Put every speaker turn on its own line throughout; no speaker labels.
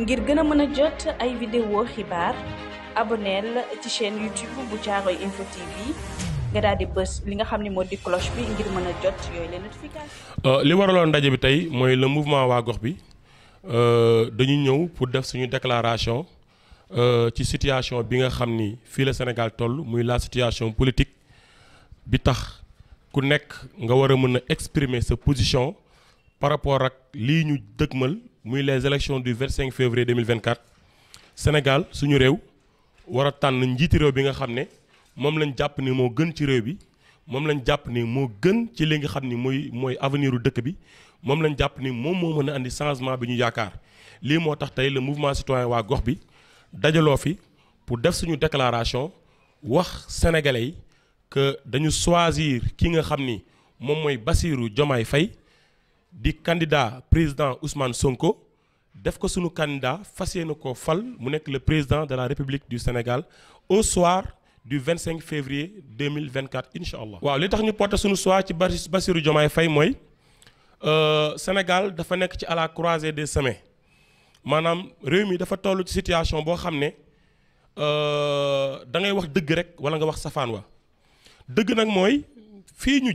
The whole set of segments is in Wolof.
ngir gën a mën a jot ay vidéo xibaar abonnel ci chaîne YouTube bu Caaroy info TV nga daal di bës li nga xam ne moo di cloche bi ngir mën a jot yooyu la
notification. Euh, li waraloon ndaje bi tey mooy le mouvement waa gox bi euh, dañu ñëw pour def suñu déclaration euh, ci situation bi nga xam ni fii la Sénégal toll muy la situation politique bi tax. ku nekk nga war a mën a exprimer sa position par rapport ak lii ñu dëgmal muy les élections du 25 février 2024 Sénégal suñu réew war a tànn njiiti réew bi nga xam ne moom lañ jàpp ni moo gën ci réew bi moom lañ jàpp ni moo gën ci li nga xam andi changement bi ñu le mouvement citoyen pour def suñu déclaration wax sénégalais que dañu choisir ki nga du candidat président Ousmane Sonko def ko sunu candidat fas ko fal mu le président de la République du Sénégal au soir du 25 février 2024 Inch'Allah. allah. waaw li tax ñu porté sunu choix ci Bassirou Diomaye euh, Sénégal dafa nekk ci à la croisée des chemins Madame Rémy mi dafa toll situation boo xam ne euh, da ngay wax dëgg rek wala nga wax safaan wa dëgg nag mooy fii ñu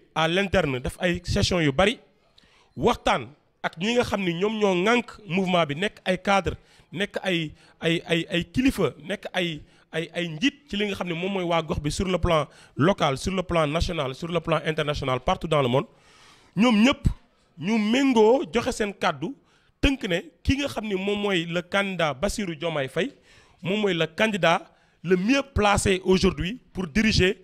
à l'interne daf ay session yu bari waxtan ak ñi nga xamni ñom ñoo mouvement bi nek ay cadre nek ay ay ay ay kilifa ay ay ay ci li nga sur le plan local sur le plan national sur le plan international partout dans le monde ñom ñep ñu mengo joxe sen cadeau teunk ne ki nga xamni le candidat le candidat le mieux placé aujourd'hui pour diriger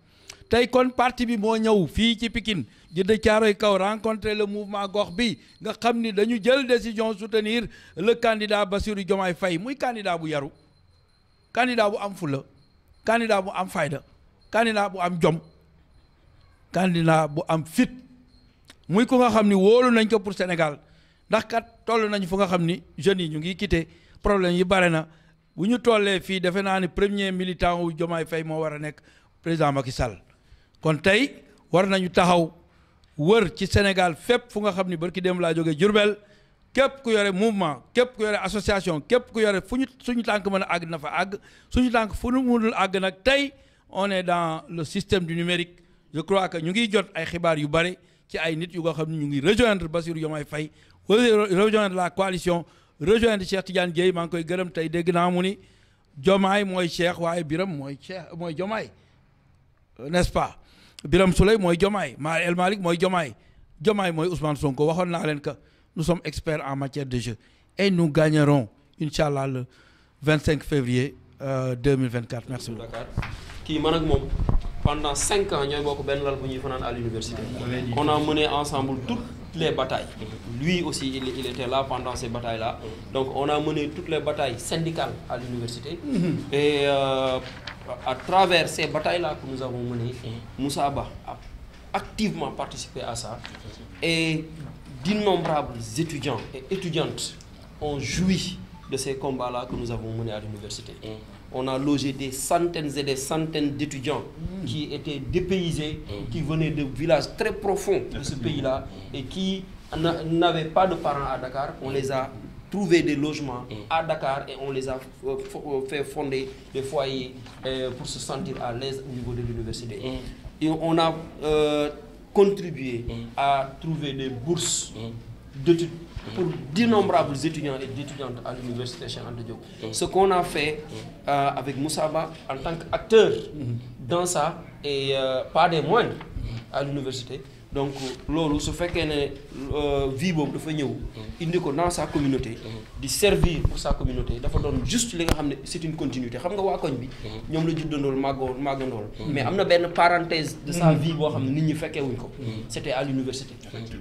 tey kon partie bi moo ñëw fii ci Pikine Djiddah Thiaroye kaw rencontrer le mouvement gox bi nga xam ni dañu jël décision soutenir le candidat Bassirou Diomaye Faye muy candidat bu yaru candidat bu am fula candidat bu am fayda candidat bu am jom candidat bu am fit muy ko nga xam ni wóolu nañ ko pour Sénégal ndax kat toll nañu fu nga xam ni jeunes yi ñu ngi quitté problème yi bare na bu ñu tollee fii defe naa ni premier militant wu Diomaye Faye moo war a nekk président Macky kon tay war nañu taxaw wër ci Sénégal fu nga barki dem Jurbel ku mouvement képp ku association ku on est dans le système du numérique je crois que ñu ngi jot ay xibaar yu ci ay nit yu nga ñu ngi rejoindre rejoindre la coalition rejoindre Cheikh Tidiane maa koy gërëm tey dégg naa mu ni mooy Cheikh Biram Cheikh n'est-ce pas Birame Soleil moy Diomaye Ma El Malik moy Diomaye Diomaye moy Ousmane Sonko waxon na len que nous sommes experts en matière de jeu et nous gagnerons inchallah le 25 février 2024 euh, merci beaucoup.
kii man ak pendant cinq ans ñoy bokk ben lal bu ñuy à l'université on a mené ensemble toutes les batailles lui aussi il, il était là pendant ces batailles là donc on a mené toutes les batailles syndicales à l'université mm-hmm. et euh, à travers ces batailles-là que nous avons menées, Moussa Abba a activement participé à ça. Et d'innombrables étudiants et étudiantes ont joui de ces combats-là que nous avons menés à l'université. Mm. On a logé des centaines et des centaines d'étudiants mm. qui étaient dépaysés, mm. qui venaient de villages très profonds de ce pays-là et qui n'avaient pas de parents à Dakar. On les a trouver des logements mm. à Dakar et on les a euh, euh, fait fonder des foyers euh, pour se sentir à l'aise au niveau de l'université. Mm. Et on a contribué mm. à trouver des bourses pour d'innombrables étudiants et d'étudiantes à l'université de Diop. Ce qu'on a fait avec Moussaba en tant qu'acteur dans ça, et pas des moindres à l'université, donc lolu su fait qu'elle euh, vie boobu dafa ñëw mm-hmm. indi ko dans sa communauté mm-hmm. di servir pour sa communauté dafa don juste li nga xamné c'est une continuité xam nga wa koñ bi mm-hmm. ñom la juddandool magor, màggandool mais amna ben parenthèse de sa vie bo xamné nit ñi wuñ ko c'était à l'université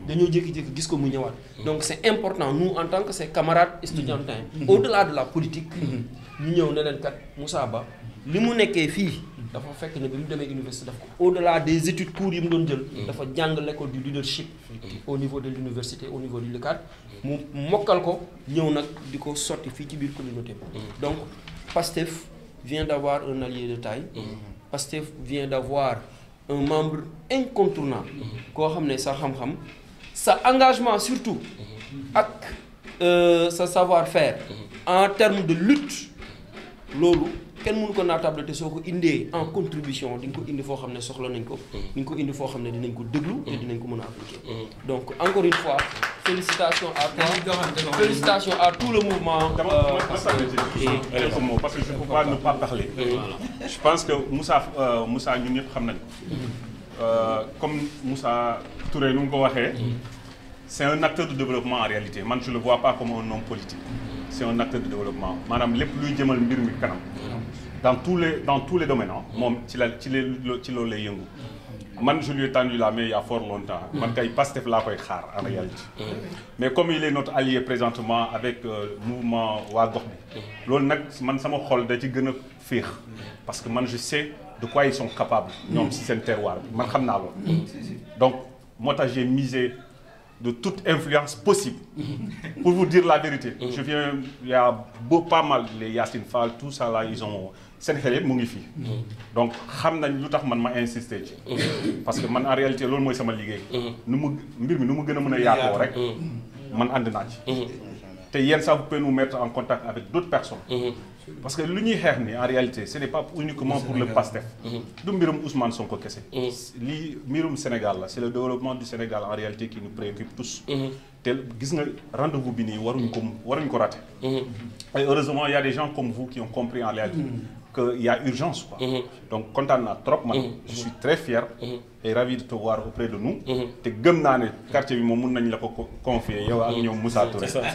dañu jékki-jékki gis ko mu ñëwaat donc c'est important nous en tant que ses camarades étudiants au-delà de la politique ñu ñëw ne len kat Moussa Ba limu mu fi université au delà des études cours yi mu doon jël. Mm. du leadership. Mm. au niveau de l'université au niveau du LUCAD. mu mokkal ko ñëw nag di ci biir communauté mm. donc PASTEF vient d'avoir un allié de taille. PASTEF vient d'avoir un membre incontournable. qui a ne sa xam sa engagement surtout. ak euh, sa savoir-faire. en termes de lutte kenn mënu ko naatable te soo indé en contribution di nga ko indi foo xam ne soxla nañ ko. Mm. di nga ko indi foo
xam dinañ ko déglu. te mm. dinañ ko mën a appliquer. Mm. donc encore une fois
félicitations à toi. félicitations à tout le
mouvement. Euh, parce, que,
et, comme, parce que je ne peux pas ne pas parler. je pense que Moussa euh, Moussa ñun ñëpp xam nañ ko. Euh, comme Moussa Touré nu mu ko waxee. c'est un acteur de développement en réalité man je le vois pas comme un homme politique c'est un acteur de développement Madame, lépp luy jëmal mbir mi kanam dans tous les dans tous les domaines ah, mon, tu ci la ci tu je lui ai tendu la main il y a fort longtemps man kay Pastef laa koy xaar en réalité mais comme il est notre allié présentement avec euh, mouvement waa je bi loolu man sama xol da ci gën parce que man je sais de quoi ils sont capables Non, c'est un terroir man donc moi, j'ai misé de toute influence possible. Pour vous dire la vérité, je viens, il y a pas mal les Yacine Fall, tout ça là, ils ont. c'est donc insister parce que man en réalité c'est ce je te ça vous pouvez nous mettre en contact avec d'autres personnes mhm. parce que lu ñuy en réalité ce n'est pas uniquement pour le PASTEF mhm. du mbirum Ousmane Sonko Kessé. Mhm. lii mbirum Sénégal c'est le développement du Sénégal en réalité qui nous préoccupe tous Vous gis nga rendez-vous bi nii waruñu ko waruñu ko et heureusement il y a des gens comme vous qui ont compris en réalité qu'il y a urgence. Quoi. Donc, content à trop, mm je suis très fier et ravi de te voir auprès de nous. Mm -hmm. Et je sais que le quartier, je peux confier à Moussa Touré.